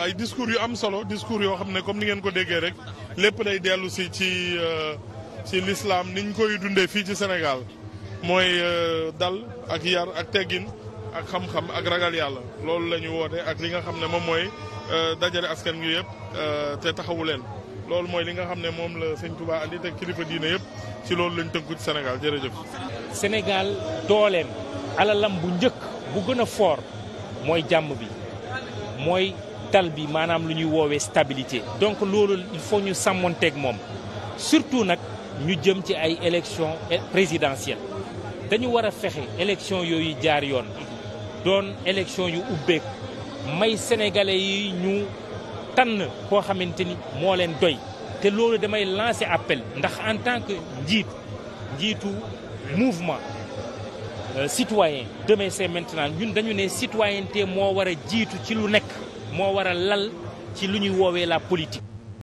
ay discours yu am solo discours yoo xam ne comme ni ko déggee rek lépp day dellu si ci euh, ci lislaam niñ koy dundee fii ci Sénégal mooy euh, dal ak yar ak teggin ak xam-xam ak ragal yàlla loolu la ñu woote ak li nga xam ne moom mooy euh, dajale askan wi yëpp te taxawu leen loolu mooy li nga xam ne moom la sëñ Touba andi te kilifa diine yëpp ci loolu lañ tënku ci Sénégal jërëjëf. Sénégal dooleem alalam bu njëkk bu gën a fort mooy jàmm bi mooy dal bi maanaam lu ñuy woowee stabilité donc loolu foo faut ñu sàmmonteeg moom surtout nag ñu jëm ci ay élections présidentielles dañu war a fexe élections yooyu jaar yoon doon élections yu ubbeek may sénégalais yi ñu tànn koo xamante ni moo leen doy te loolu damay lancer appel ndax en tant que njiit njiitu mouvement euh, citoyen demain c'est maintenant ñun dañu ne citoyenneté moo war a jiitu ci lu nekk moo waral a lal ci lu ñuy woowee la politique